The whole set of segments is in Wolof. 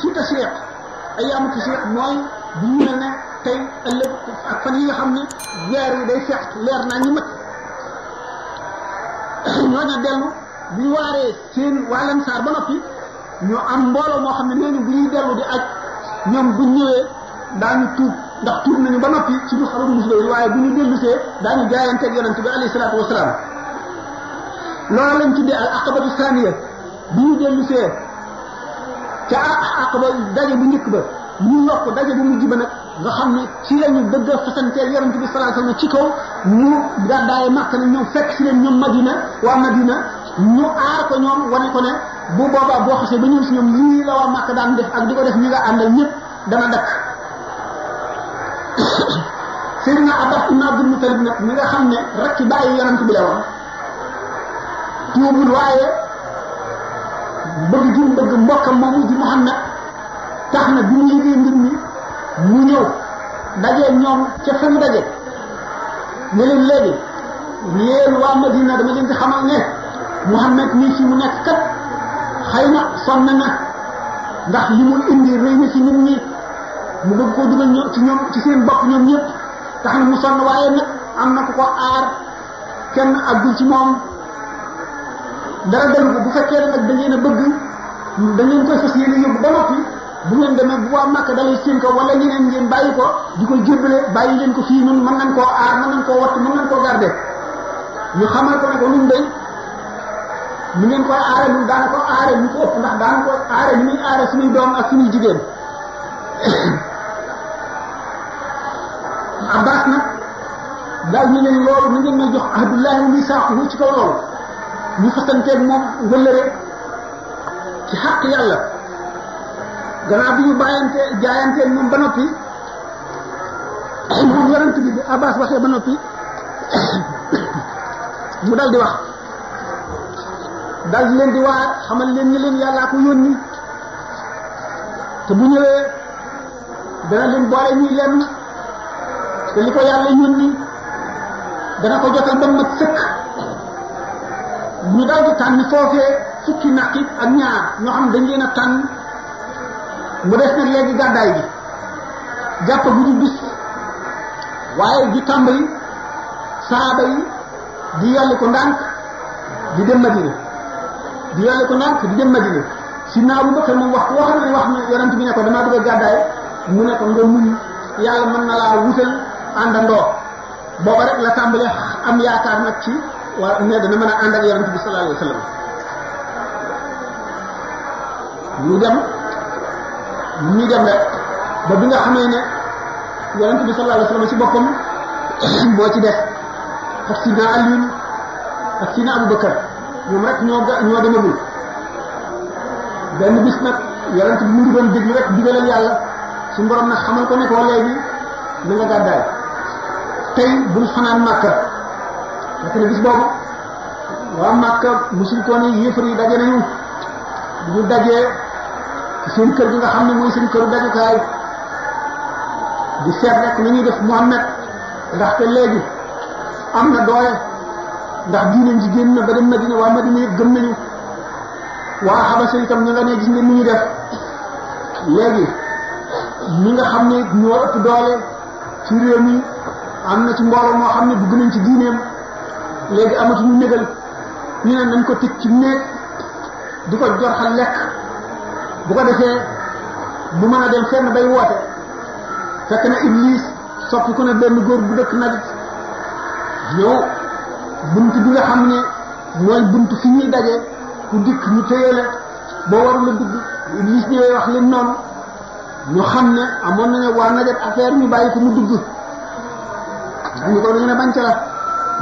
su tashriq ayaamu tashriq mooy bu ñu mel ne tey ëllëg fan yi nga xam ne weer yi day feex leer naa ñu mët ñooña dellu bu ñu waaree seen waa Lansaar ba noppi ñoo am mbooloo moo xam ne nee bu ñuy dellu di aj ñoom bu ñëwee daañu tuub ndax tuub nañu ba noppi ci ñu xamul musulmaan waaye bu ñu dellusee daañu jaayanteeg yonente bi alayhi salaatu wasalaam loolu lañ tuddee al aqabatu saaniya bu ñu dellusee ca àq ba daje bu njëkk ba ñu yokk daje bu mujj ba nag nga xam ne ci la ñu bëgg a fasanteel yonent bi ci kaw ñu gàddaaye na ñoom fekk si leen ñoom madina waa madina ñu aar ko ñoom wane ko ne bu boobaa boo xasee ba ñëw si ñoom lii la waa màkk daan def ak di ko def ñi nga àndal ñëpp dana dakk Seydina Abbas ibn Abdul Mutalib nag mi nga xam ne rakk bàyyi yonent bi la woon tuubul waaye bëgg gi mu bëgg mbokkam moomu di Muhammad tax na bi mu yëgee mbir mi mu ñëw dajee ñoom ca fa mu daje ne leen léegi yéen waa Madina dama leen di xamal ne Muhammad nii fi mu nekk kat xëy na sonn na ndax li mu indi rëy na ci nit ñi mu bëgg koo dugal ñoom ci ñoom ci seen bopp ñoom ñëpp tax na mu sonn waaye nag am na ku ko aar kenn àggul ci moom dara dellu ko bu fekkee nag da a bëgg da ngeen koy fas yéene yóbbu ba noppi bu ngeen demee bu waa Màkka dalay seen ko wala ñeneen ngeen bàyyi ko di ko jébbale bàyyi leen ko fii ñun man nañ koo aar mën nañ koo wattu mën nañ koo garder ñu xamal ko ne ko nuñ day ñu ngeen koy aare ñun daana ko aare ñu ko ëpp ndax daana ko aare ñu muy aare suñuy doom ak suñuy jigéen Abbas nag daal ñu leen loolu ñu ngeen may jox ahdullahi wa misaaquhu ci kaw loolu ñu fasanteeg moom wëllëre ci xàq yàlla gannaaw bi ñu bàyyante jaayanteeg moom ba moom yonent bi bi waxee ba noppi mu wax dal di leen di waar xamal leen ñi leen yàllaa ko yónni te dana leen boole ñuy lenn li ko yàlla yónni dana ko jotal ba ñu daal di tànn foofee fukki naqib ak ñaar ñoo xam dañ leen a tànn mu des nag léegi gàddaay bi jàpp bu ñu bis waaye di tàmbali saaba yi di yàlli ko ndànk di dem Madina di yàlli ko ndànk di dem Madina si naa bu bëkkee moom wax wax na wax ne yonent bi ne ko damaa bëgg a gàddaay mu ne ko nga yàlla mën na laa wutal àndandoo booba rek la tàmbali am yaakaar nag ci waaye ne dana mën a ànd ak yonent bi sallallahu alayhi nga xamee ne yonent bi sallallahu ci boppam boo ci def ak Sidna Alioune ak Sidna Aboubacar ñoom rek ñoo ga ñoo demagul benn bis nag yonent bi mu ngi doon déglu rek xamal ko ne ko léegi nga gàddaay tey bul fanaan Màkka fekk na bis boobu waa Màkka musrikoon yi yéefar yi daje nañu bu ñu dajee seen kër gi nga xam ne mooy seen këru dajukaay di seet rek ni ñuy def Muhammad ndaxte léegi am na doole ndax diine ji génn na ba dem Madina waa Madina yëpp gëm nañu waa xam itam ñu nga ne gis nga ni ñuy def léegi ñi nga xam ne ñoo ëpp doole ci réew am na ci mbooloo moo xam ne bugg nañ ci diineem léegi amatuñu négal ñu ne nañ ko tëj ci néeg di ko jorxal lekk bu ko defee bu mën a dem fenn bay woote fekk na iblis soppi ku ne benn góor bu dëkk nag yow bunt bi nga xam ne mooy bunt fi ñuy daje ku dikk ñu téye la boo warul a dugg iblis ñëwee wax leen noonu ñu xam ne amoon nañu waa najet affaire ñu bàyyi ko mu dugg dañu ko dañu ne bañ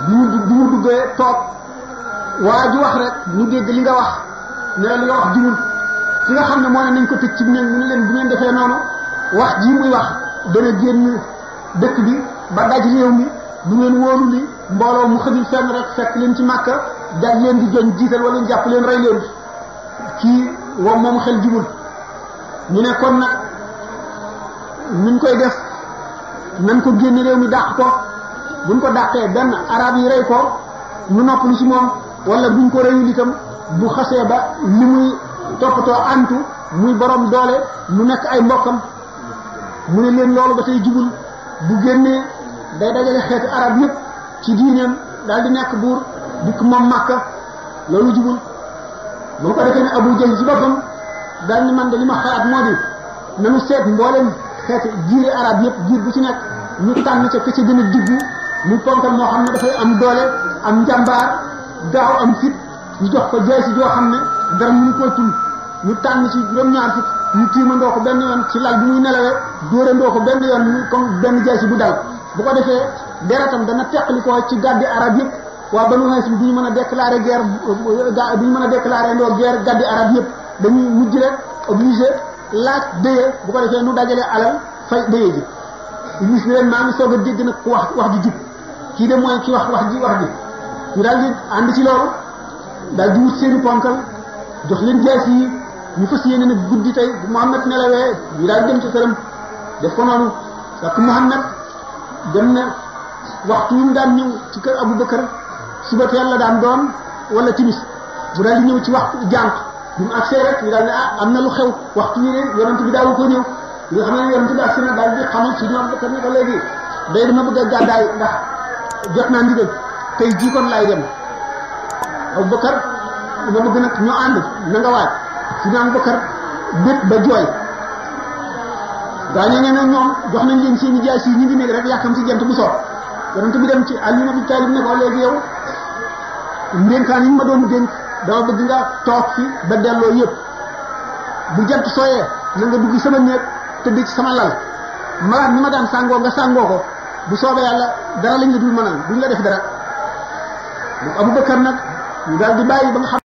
bi mu bi mu duggee toog waa ji wax rek ñu dégg li nga wax ne la li nga wax jubul ki nga xam ne moo ne nañ ko tëj ci mu ne leen bu ngeen defee noonu wax ji muy wax dana génn dëkk bi ba daj réew mi bu ngeen wóolu li mbooloo mu xëdil fenn rek fekk leen ci màkka daj leen di joñ jiital wala ñu jàpp leen rey leen kii wom moom xel jubul ñu ne kon nag nuñ koy def nañ ko génn réew mi dàq ko buñ ko dàqee benn araab yi rey ko ñu noppalu ci moom wala buñ ko reyul itam bu xasee ba li muy toppatoo antu muy borom doole mu nekk ay mbokkam mu ne leen loolu ba tey jubul bu génnee day dajale xeetu arab yëpp ci diineem daal di nekk buur dikk moom màkka loolu jubul ba mu ko defee ne Abu Jahl ci boppam daal ni man de li ma xalaat moo di nanu seet mboolem xeetu jiiri arab yëpp jiir bu ci nekk ñu tànn ca ka ca gën a diggu muy ponkal moo xam ne dafay am doole am njàmbaar gaaw am fit ñu jox ko jaay si joo xam ne dara nu koo tul ñu tànn ci juróom-ñaar fukk ñu tiimandoo ko benn yoon ci lal bi muy nelawee dóorandoo ko benn yoon muy comme benn jaay si bu dal bu ko defee deretam dana teqali ko ci gàddi arab yëpp waa banu Hays bi du ñu mën a déclarer guerre du ñu mën a déclarer ndoo guerre gàddi arab yëpp dañuy mujj rek obligé laaj déye bu ko defee nu dajalee alal fay déye ji gis ne leen maa ngi dégg nag ku wax wax ji jub kii de mooy ki wax wax ji wax ji di ànd ci loolu daal di wut seeni ponkal jox leen jees yi ñu fas yéene ne guddi tey bu Muhammad nelawee ñu daal dem ci këram def ko noonu parce Muhammad dem na waxtu yu mu daan ñëw ci kër Abu Bakar suba teel la daan doon wala timis bu daal di ñëw ci waxtu jànq bi mu agsee rek ñu daal ne ah, am na lu xew waxtu wi de yonent bi daawul ko ñëw li nga xam ne yonent bi agsi na daal di xamal ci ñoom Bakar ne ko léegi day dama bëgg a gàddaay ndax jot naa ndigal tey jii kon laay dem Aboubacar dama bëgg nag ñu ànd na nga waaj si na Aboubacar bët ba jooy daañu ne nag ñoom jox nañ leen seen i jaay si ñu ngi nekk rek yàkkam si jant bu so yonent bi dem ci Aliyu Abi Taalib ne ko léegi yow ndénkaan yi ma doon dénk dama bëgg nga toog fi ba delloo yëpp bu jant sooyee na nga dugg sama néeg tëdd ci sama lal malaat mi ma daan sàngoo nga sàngoo ko bu soobe yàlla dara lañ la dul mënal duñ la def dara abou bakkar nag ñu daal di bàyyi ba nga xam